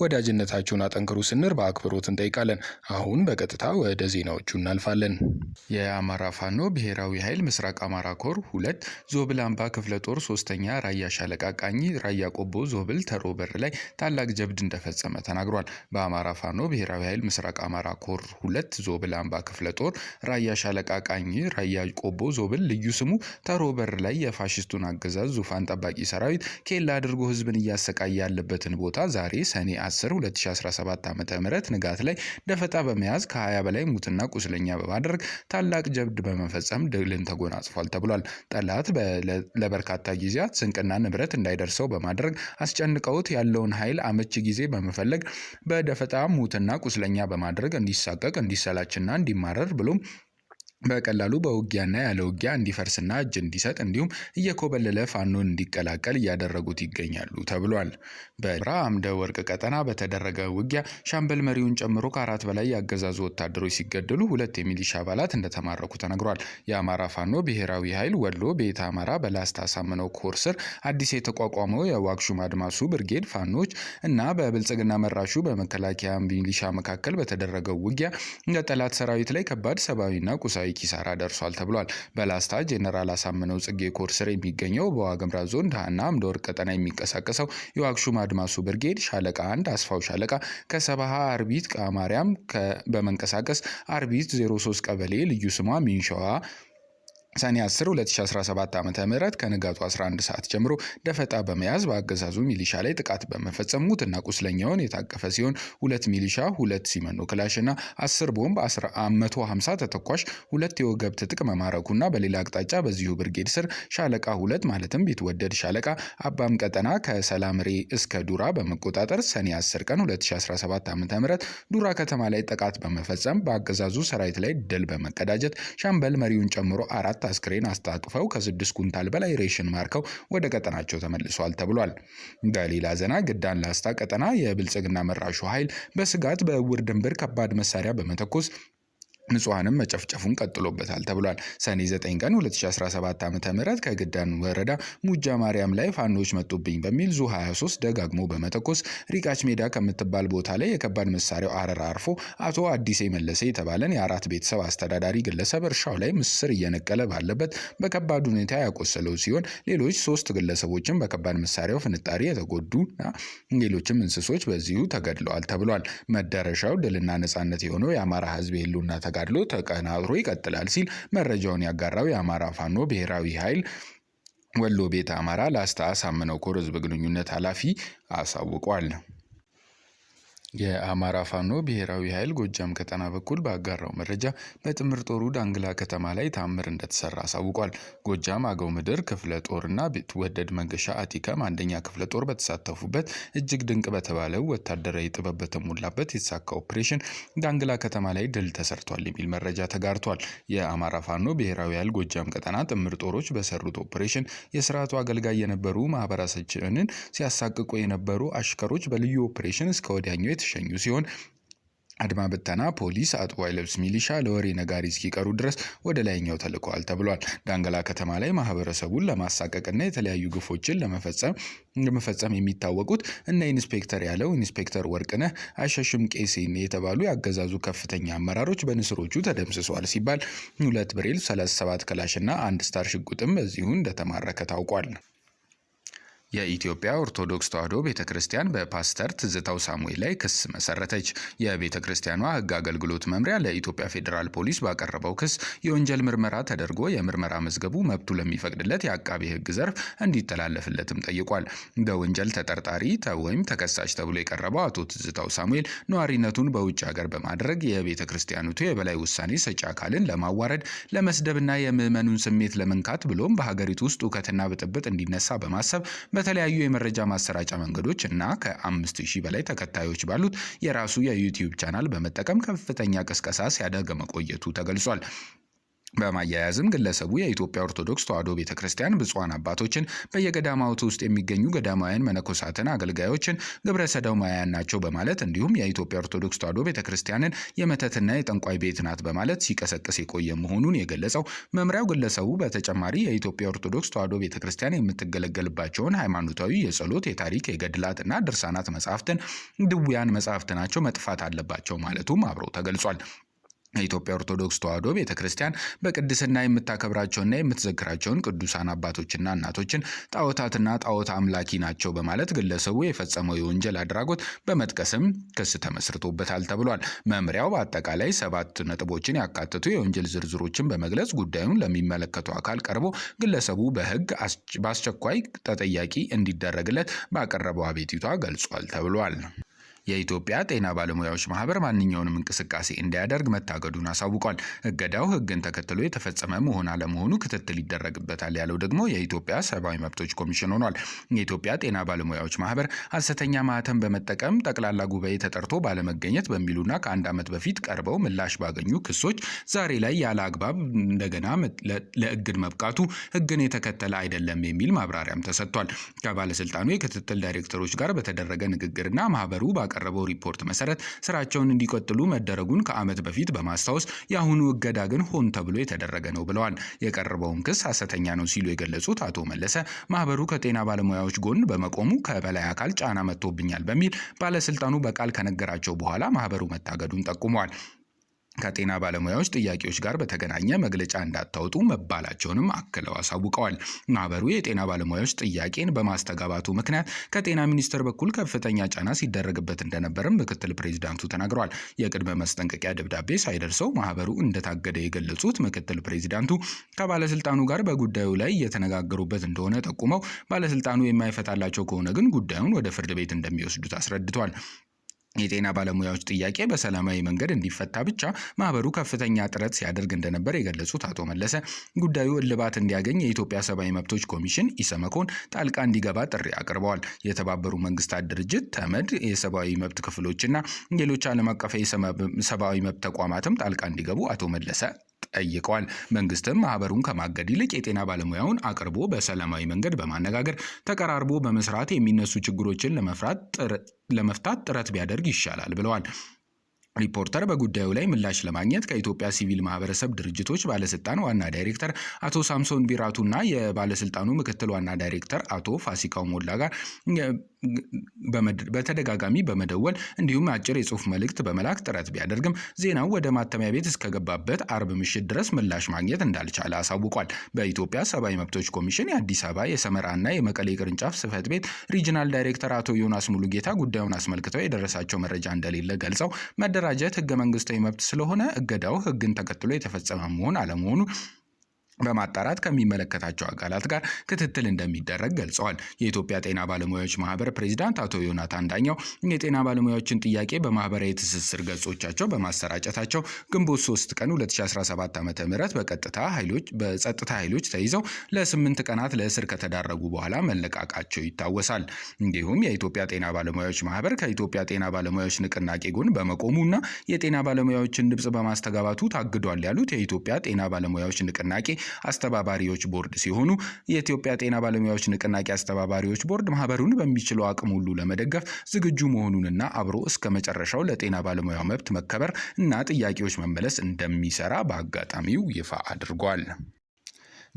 ወዳጅነታችሁን አጠንክሩ ስንር በአክብሮት እንጠይቃለን። አሁን በቀጥታ ወደ ዜናዎቹ እናልፋለን። የአማራ ፋኖ ብሔራዊ ኃይል ምስራቅ አማራ ኮር ሁለት ዞብል አምባ ክፍለ ጦር ሶስተኛ ራያ ሻለቃ ቃኝ ራያ ቆቦ ዞብል ተሮበር ላይ ታላቅ ጀብድ እንደፈጸመ ተናግሯል። በአማራ ፋኖ ብሔራዊ ኃይል ምስራቅ አማራ ኮር ሁለት ዞብል አምባ ክፍለ ጦር ራያ ሻለቃ ቃኝ ራያ ቆቦ ዞብል ልዩ ስሙ ተሮበር ላይ የፋሽስቱን አገዛዝ ዙፋን ጠባቂ ሰራዊት ኬላ አድርጎ ህዝብን እያሰቃየ ያለበትን ቦታ ዛሬ ሰኔ 10 2017 ዓ ም ንጋት ላይ ደፈጣ በመያዝ ከ20 በላይ ሙትና ቁስለኛ በማድረግ ታላቅ ጀብድ በመፈጸም ድልን ተጎናጽፏል ተብሏል። ጠላት ለበርካታ ጊዜያት ስንቅና ንብረት እንዳይደርሰው በማድረግ አስጨንቀውት ያለውን ኃይል አመቺ ጊዜ በመፈለግ በደፈጣ ሙትና ቁስለኛ በማድረግ እንዲሳቀቅ እንዲሰላችና እንዲማረር ብሎም በቀላሉ በውጊያና ያለ ውጊያ እንዲፈርስና እጅ እንዲሰጥ እንዲሁም እየኮበለለ ፋኖን እንዲቀላቀል እያደረጉት ይገኛሉ ተብሏል። በራ አምደ ወርቅ ቀጠና በተደረገ ውጊያ ሻምበል መሪውን ጨምሮ ከአራት በላይ ያገዛዙ ወታደሮች ሲገደሉ ሁለት የሚሊሻ አባላት እንደተማረኩ ተነግሯል። የአማራ ፋኖ ብሔራዊ ኃይል ወሎ ቤተ አማራ በላስታ ሳምነው ኮር ስር አዲስ የተቋቋመው የዋግሹም አድማሱ ብርጌድ ፋኖች እና በብልጽግና መራሹ በመከላከያ ሚሊሻ መካከል በተደረገው ውጊያ ለጠላት ሰራዊት ላይ ከባድ ሰብአዊና ቁሳዊ ኪሳራ ደርሷል ተብሏል። በላስታ ጄኔራል አሳምነው ጽጌ ኮር ስር የሚገኘው በዋግምራ ዞን ዳህና አምደወርቅ ቀጠና የሚንቀሳቀሰው የዋግሹም አድማሱ ብርጌድ ሻለቃ አንድ አስፋው ሻለቃ ከሰባሃ አርቢት ቃማርያም በመንቀሳቀስ አርቢት 03 ቀበሌ ልዩ ስሟ ሚንሸዋ ሰኔ 10 2017 ዓ ም ከንጋቱ 11 ሰዓት ጀምሮ ደፈጣ በመያዝ በአገዛዙ ሚሊሻ ላይ ጥቃት በመፈጸም ሙትና ቁስለኛውን የታቀፈ ሲሆን ሁለት ሚሊሻ፣ ሁለት ሲመኖ ክላሽ እና 10 ቦምብ፣ 150 ተተኳሽ፣ ሁለት የወገብ ትጥቅ መማረኩና በሌላ አቅጣጫ በዚሁ ብርጌድ ስር ሻለቃ ሁለት ማለትም ቢትወደድ ሻለቃ አባም ቀጠና ከሰላምሬ እስከ ዱራ በመቆጣጠር ሰኔ 10 ቀን 2017 ዓ ም ዱራ ከተማ ላይ ጥቃት በመፈጸም በአገዛዙ ሰራዊት ላይ ድል በመቀዳጀት ሻምበል መሪውን ጨምሮ አራት አራት አስክሬን አስታጥፈው ከስድስት ኩንታል በላይ ሬሽን ማርከው ወደ ቀጠናቸው ተመልሷል ተብሏል። በሌላ ዜና ግዳን ላስታ ቀጠና የብልጽግና መራሹ ኃይል በስጋት በእውር ድንብር ከባድ መሳሪያ በመተኮስ ንጹሐንም መጨፍጨፉን ቀጥሎበታል ተብሏል። ሰኔ 9 ቀን 2017 ዓ.ም ከግዳን ወረዳ ሙጃ ማርያም ላይ ፋኖች መጡብኝ በሚል ዙ 23 ደጋግሞ በመተኮስ ሪቃች ሜዳ ከምትባል ቦታ ላይ የከባድ መሳሪያው አረር አርፎ አቶ አዲሴ መለሰ የተባለን የአራት ቤተሰብ አስተዳዳሪ ግለሰብ እርሻው ላይ ምስር እየነቀለ ባለበት በከባድ ሁኔታ ያቆሰለው ሲሆን ሌሎች ሶስት ግለሰቦችም በከባድ መሳሪያው ፍንጣሪ የተጎዱና ሌሎችም እንስሶች በዚሁ ተገድለዋል ተብሏል። መዳረሻው ድልና ነጻነት የሆነው የአማራ ህዝብ የህልውና ተጋድሎ ተቀናብሮ ይቀጥላል ሲል መረጃውን ያጋራው የአማራ ፋኖ ብሔራዊ ኃይል ወሎ ቤት አማራ ላስታ አሳምነው ኮር ህዝብ ግንኙነት ኃላፊ አሳውቋል። የአማራ ፋኖ ብሔራዊ ኃይል ጎጃም ቀጠና በኩል ባጋራው መረጃ በጥምር ጦሩ ዳንግላ ከተማ ላይ ታምር እንደተሰራ አሳውቋል። ጎጃም አገው ምድር ክፍለ ጦርና ቢትወደድ መንገሻ አቲከም አንደኛ ክፍለ ጦር በተሳተፉበት እጅግ ድንቅ በተባለው ወታደራዊ ጥበብ በተሞላበት የተሳካ ኦፕሬሽን ዳንግላ ከተማ ላይ ድል ተሰርቷል የሚል መረጃ ተጋርቷል። የአማራ ፋኖ ብሔራዊ ኃይል ጎጃም ቀጠና ጥምር ጦሮች በሰሩት ኦፕሬሽን የስርዓቱ አገልጋይ የነበሩ ማህበረሰብችንን ሲያሳቅቁ የነበሩ አሽከሮች በልዩ ኦፕሬሽን እስከ ወዲያኛው የተሸኙ ሲሆን አድማ በተና፣ ፖሊስ፣ አጥባይ ልብስ ሚሊሻ ለወሬ ነጋሪ እስኪቀሩ ድረስ ወደ ላይኛው ተልከዋል ተብሏል። ዳንገላ ከተማ ላይ ማህበረሰቡን ለማሳቀቅና የተለያዩ ግፎችን ለመፈጸም የሚታወቁት እነ ኢንስፔክተር ያለው፣ ኢንስፔክተር ወርቅነህ አሸሽም ቄሴን የተባሉ የአገዛዙ ከፍተኛ አመራሮች በንስሮቹ ተደምስሰዋል ሲባል ሁለት ብሬል፣ 37 እና አንድ ስታር ሽጉጥም በዚሁ እንደተማረከ ታውቋል። የኢትዮጵያ ኦርቶዶክስ ተዋሕዶ ቤተ ክርስቲያን በፓስተር ትዝታው ሳሙኤል ላይ ክስ መሰረተች። የቤተ ክርስቲያኗ ሕግ አገልግሎት መምሪያ ለኢትዮጵያ ፌዴራል ፖሊስ ባቀረበው ክስ የወንጀል ምርመራ ተደርጎ የምርመራ መዝገቡ መብቱ ለሚፈቅድለት የአቃቤ ሕግ ዘርፍ እንዲተላለፍለትም ጠይቋል። በወንጀል ተጠርጣሪ ወይም ተከሳሽ ተብሎ የቀረበው አቶ ትዝታው ሳሙኤል ነዋሪነቱን በውጭ ሀገር በማድረግ የቤተ ክርስቲያኒቱ የበላይ ውሳኔ ሰጪ አካልን ለማዋረድ፣ ለመስደብና የምዕመኑን ስሜት ለመንካት ብሎም በሀገሪቱ ውስጥ እውከትና ብጥብጥ እንዲነሳ በማሰብ በተለያዩ የመረጃ ማሰራጫ መንገዶች እና ከ5000 በላይ ተከታዮች ባሉት የራሱ የዩቲዩብ ቻናል በመጠቀም ከፍተኛ ቅስቀሳ ሲያደርግ መቆየቱ ተገልጿል። በማያያዝም ግለሰቡ የኢትዮጵያ ኦርቶዶክስ ተዋሕዶ ቤተ ክርስቲያን ብፁዓን አባቶችን በየገዳማቱ ውስጥ የሚገኙ ገዳማውያን መነኮሳትን፣ አገልጋዮችን ግብረ ሰዶማውያን ናቸው በማለት እንዲሁም የኢትዮጵያ ኦርቶዶክስ ተዋሕዶ ቤተ ክርስቲያንን የመተትና የጠንቋይ ቤት ናት በማለት ሲቀሰቅስ የቆየ መሆኑን የገለጸው መምሪያው ግለሰቡ በተጨማሪ የኢትዮጵያ ኦርቶዶክስ ተዋሕዶ ቤተ ክርስቲያን የምትገለገልባቸውን ሃይማኖታዊ የጸሎት፣ የታሪክ፣ የገድላትና ድርሳናት መጻሕፍትን ድውያን መጻሕፍት ናቸው መጥፋት አለባቸው ማለቱም አብረው ተገልጿል። የኢትዮጵያ ኦርቶዶክስ ተዋሕዶ ቤተ ክርስቲያን በቅድስና የምታከብራቸውና የምትዘክራቸውን ቅዱሳን አባቶችና እናቶችን ጣዖታትና ጣዖት አምላኪ ናቸው በማለት ግለሰቡ የፈጸመው የወንጀል አድራጎት በመጥቀስም ክስ ተመስርቶበታል ተብሏል። መምሪያው በአጠቃላይ ሰባት ነጥቦችን ያካተቱ የወንጀል ዝርዝሮችን በመግለጽ ጉዳዩን ለሚመለከተው አካል ቀርቦ ግለሰቡ በሕግ በአስቸኳይ ተጠያቂ እንዲደረግለት ባቀረበው አቤቱታ ገልጿል ተብሏል። የኢትዮጵያ ጤና ባለሙያዎች ማህበር ማንኛውንም እንቅስቃሴ እንዳያደርግ መታገዱን አሳውቋል። እገዳው ህግን ተከትሎ የተፈጸመ መሆን አለመሆኑ ክትትል ይደረግበታል ያለው ደግሞ የኢትዮጵያ ሰብአዊ መብቶች ኮሚሽን ሆኗል። የኢትዮጵያ ጤና ባለሙያዎች ማህበር ሐሰተኛ ማህተም በመጠቀም ጠቅላላ ጉባኤ ተጠርቶ ባለመገኘት በሚሉና ከአንድ ዓመት በፊት ቀርበው ምላሽ ባገኙ ክሶች ዛሬ ላይ ያለ አግባብ እንደገና ለእግድ መብቃቱ ህግን የተከተለ አይደለም የሚል ማብራሪያም ተሰጥቷል። ከባለስልጣኑ የክትትል ዳይሬክተሮች ጋር በተደረገ ንግግርና ማህበሩ ባቀረበው ሪፖርት መሰረት ስራቸውን እንዲቀጥሉ መደረጉን ከዓመት በፊት በማስታወስ የአሁኑ እገዳ ግን ሆን ተብሎ የተደረገ ነው ብለዋል። የቀረበውን ክስ ሐሰተኛ ነው ሲሉ የገለጹት አቶ መለሰ ማህበሩ ከጤና ባለሙያዎች ጎን በመቆሙ ከበላይ አካል ጫና መጥቶብኛል በሚል ባለስልጣኑ በቃል ከነገራቸው በኋላ ማህበሩ መታገዱን ጠቁመዋል። ከጤና ባለሙያዎች ጥያቄዎች ጋር በተገናኘ መግለጫ እንዳታወጡ መባላቸውንም አክለው አሳውቀዋል። ማህበሩ የጤና ባለሙያዎች ጥያቄን በማስተጋባቱ ምክንያት ከጤና ሚኒስቴር በኩል ከፍተኛ ጫና ሲደረግበት እንደነበርም ምክትል ፕሬዚዳንቱ ተናግረዋል። የቅድመ ማስጠንቀቂያ ደብዳቤ ሳይደርሰው ማህበሩ እንደታገደ የገለጹት ምክትል ፕሬዚዳንቱ ከባለስልጣኑ ጋር በጉዳዩ ላይ እየተነጋገሩበት እንደሆነ ጠቁመው ባለስልጣኑ የማይፈታላቸው ከሆነ ግን ጉዳዩን ወደ ፍርድ ቤት እንደሚወስዱት አስረድቷል። የጤና ባለሙያዎች ጥያቄ በሰላማዊ መንገድ እንዲፈታ ብቻ ማህበሩ ከፍተኛ ጥረት ሲያደርግ እንደነበር የገለጹት አቶ መለሰ ጉዳዩ እልባት እንዲያገኝ የኢትዮጵያ ሰብአዊ መብቶች ኮሚሽን ኢሰመኮን ጣልቃ እንዲገባ ጥሪ አቅርበዋል። የተባበሩ መንግስታት ድርጅት፣ ተመድ፣ የሰብአዊ መብት ክፍሎችና ሌሎች ዓለም አቀፍ የሰብአዊ መብት ተቋማትም ጣልቃ እንዲገቡ አቶ መለሰ ጠይቀዋል። መንግስትም ማህበሩን ከማገድ ይልቅ የጤና ባለሙያውን አቅርቦ በሰላማዊ መንገድ በማነጋገር ተቀራርቦ በመስራት የሚነሱ ችግሮችን ለመፍታት ጥረት ቢያደርግ ይሻላል ብለዋል። ሪፖርተር በጉዳዩ ላይ ምላሽ ለማግኘት ከኢትዮጵያ ሲቪል ማህበረሰብ ድርጅቶች ባለስልጣን ዋና ዳይሬክተር አቶ ሳምሶን ቢራቱና የባለስልጣኑ ምክትል ዋና ዳይሬክተር አቶ ፋሲካው ሞላ ጋር በተደጋጋሚ በመደወል እንዲሁም አጭር የጽሁፍ መልእክት በመላክ ጥረት ቢያደርግም ዜናው ወደ ማተሚያ ቤት እስከገባበት አርብ ምሽት ድረስ ምላሽ ማግኘት እንዳልቻለ አሳውቋል። በኢትዮጵያ ሰብአዊ መብቶች ኮሚሽን የአዲስ አበባ የሰመራና የመቀሌ ቅርንጫፍ ጽህፈት ቤት ሪጅናል ዳይሬክተር አቶ ዮናስ ሙሉጌታ ጉዳዩን አስመልክተው የደረሳቸው መረጃ እንደሌለ ገልጸው መደራጀት ህገ መንግስታዊ መብት ስለሆነ እገዳው ህግን ተከትሎ የተፈጸመ መሆን አለመሆኑ በማጣራት ከሚመለከታቸው አካላት ጋር ክትትል እንደሚደረግ ገልጸዋል። የኢትዮጵያ ጤና ባለሙያዎች ማህበር ፕሬዚዳንት አቶ ዮናታን ዳኛው የጤና ባለሙያዎችን ጥያቄ በማህበራዊ ትስስር ገጾቻቸው በማሰራጨታቸው ግንቦት 3 ቀን 2017 ዓ ም በቀጥታ ኃይሎች በጸጥታ ኃይሎች ተይዘው ለስምንት ቀናት ለእስር ከተዳረጉ በኋላ መለቃቃቸው ይታወሳል። እንዲሁም የኢትዮጵያ ጤና ባለሙያዎች ማህበር ከኢትዮጵያ ጤና ባለሙያዎች ንቅናቄ ጎን በመቆሙና የጤና ባለሙያዎችን ድምፅ በማስተጋባቱ ታግዷል ያሉት የኢትዮጵያ ጤና ባለሙያዎች ንቅናቄ አስተባባሪዎች ቦርድ ሲሆኑ የኢትዮጵያ ጤና ባለሙያዎች ንቅናቄ አስተባባሪዎች ቦርድ ማህበሩን በሚችለው አቅም ሁሉ ለመደገፍ ዝግጁ መሆኑንና አብሮ እስከ መጨረሻው ለጤና ባለሙያው መብት መከበር እና ጥያቄዎች መመለስ እንደሚሰራ በአጋጣሚው ይፋ አድርጓል።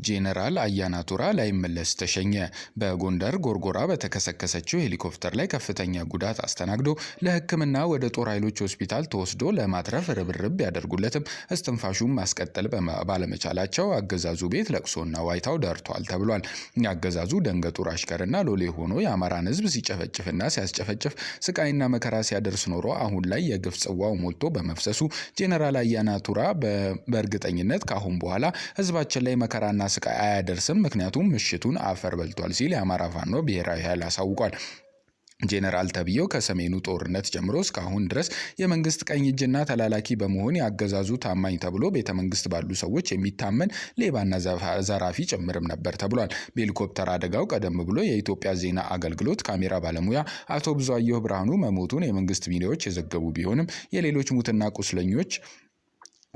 ጄኔራል አያና ቱራ ላይመለስ ተሸኘ። በጎንደር ጎርጎራ በተከሰከሰችው ሄሊኮፕተር ላይ ከፍተኛ ጉዳት አስተናግዶ ለሕክምና ወደ ጦር ኃይሎች ሆስፒታል ተወስዶ ለማትረፍ ርብርብ ቢያደርጉለትም እስትንፋሹን ማስቀጠል ባለመቻላቸው አገዛዙ ቤት ለቅሶና ዋይታው ደርቷል ተብሏል። አገዛዙ ደንገጡር አሽከርና ሎሌ ሆኖ የአማራን ሕዝብ ሲጨፈጭፍና ሲያስጨፈጭፍ ስቃይና መከራ ሲያደርስ ኖሮ አሁን ላይ የግፍ ጽዋው ሞልቶ በመፍሰሱ ጄኔራል አያና ቱራ በእርግጠኝነት ከአሁን በኋላ ሕዝባችን ላይ መከራና ስቃይ አያደርስም፣ ምክንያቱም ምሽቱን አፈር በልቷል ሲል የአማራ ፋኖ ብሔራዊ ኃይል አሳውቋል። ጄኔራል ተብዬው ከሰሜኑ ጦርነት ጀምሮ እስካሁን ድረስ የመንግስት ቀኝ እጅና ተላላኪ በመሆን ያገዛዙ ታማኝ ተብሎ ቤተ መንግስት ባሉ ሰዎች የሚታመን ሌባና ዘራፊ ጭምርም ነበር ተብሏል። በሄሊኮፕተር አደጋው ቀደም ብሎ የኢትዮጵያ ዜና አገልግሎት ካሜራ ባለሙያ አቶ ብዙአየሁ ብርሃኑ መሞቱን የመንግስት ሚዲያዎች የዘገቡ ቢሆንም የሌሎች ሙትና ቁስለኞች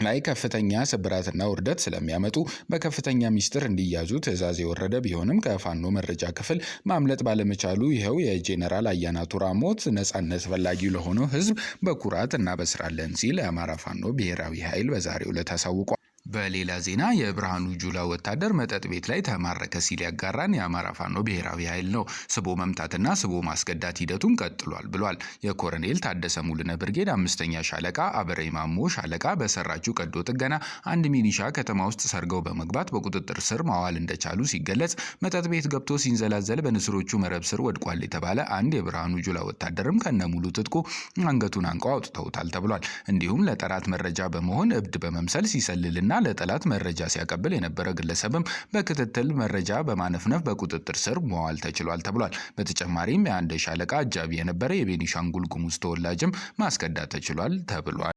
ላይ ከፍተኛ ስብራትና ውርደት ስለሚያመጡ በከፍተኛ ሚስጥር እንዲያዙ ትዕዛዝ የወረደ ቢሆንም ከፋኖ መረጃ ክፍል ማምለጥ ባለመቻሉ ይኸው የጄኔራል አያና ቱራ ሞት ነጻነት ፈላጊ ለሆነው ሕዝብ በኩራት እናበስራለን ሲል የአማራ ፋኖ ብሔራዊ ኃይል በዛሬው ዕለት አሳውቋል። በሌላ ዜና የብርሃኑ ጁላ ወታደር መጠጥ ቤት ላይ ተማረከ ሲል ያጋራን የአማራ ፋኖ ብሔራዊ ኃይል ነው። ስቦ መምታትና ስቦ ማስገዳት ሂደቱን ቀጥሏል ብሏል። የኮረኔል ታደሰ ሙልነ ብርጌድ አምስተኛ ሻለቃ አበረ ማሞ ሻለቃ በሰራችው ቀዶ ጥገና አንድ ሚኒሻ ከተማ ውስጥ ሰርገው በመግባት በቁጥጥር ስር ማዋል እንደቻሉ ሲገለጽ፣ መጠጥ ቤት ገብቶ ሲንዘላዘል በንስሮቹ መረብ ስር ወድቋል የተባለ አንድ የብርሃኑ ጁላ ወታደርም ከነሙሉ ትጥቁ አንገቱን አንቀው አውጥተውታል ተብሏል። እንዲሁም ለጠራት መረጃ በመሆን እብድ በመምሰል ሲሰልልና ለጠላት መረጃ ሲያቀብል የነበረ ግለሰብም በክትትል መረጃ በማነፍነፍ በቁጥጥር ስር መዋል ተችሏል ተብሏል። በተጨማሪም የአንድ ሻለቃ አጃቢ የነበረ የቤኒሻንጉል ጉሙዝ ተወላጅም ማስከዳት ተችሏል ተብሏል።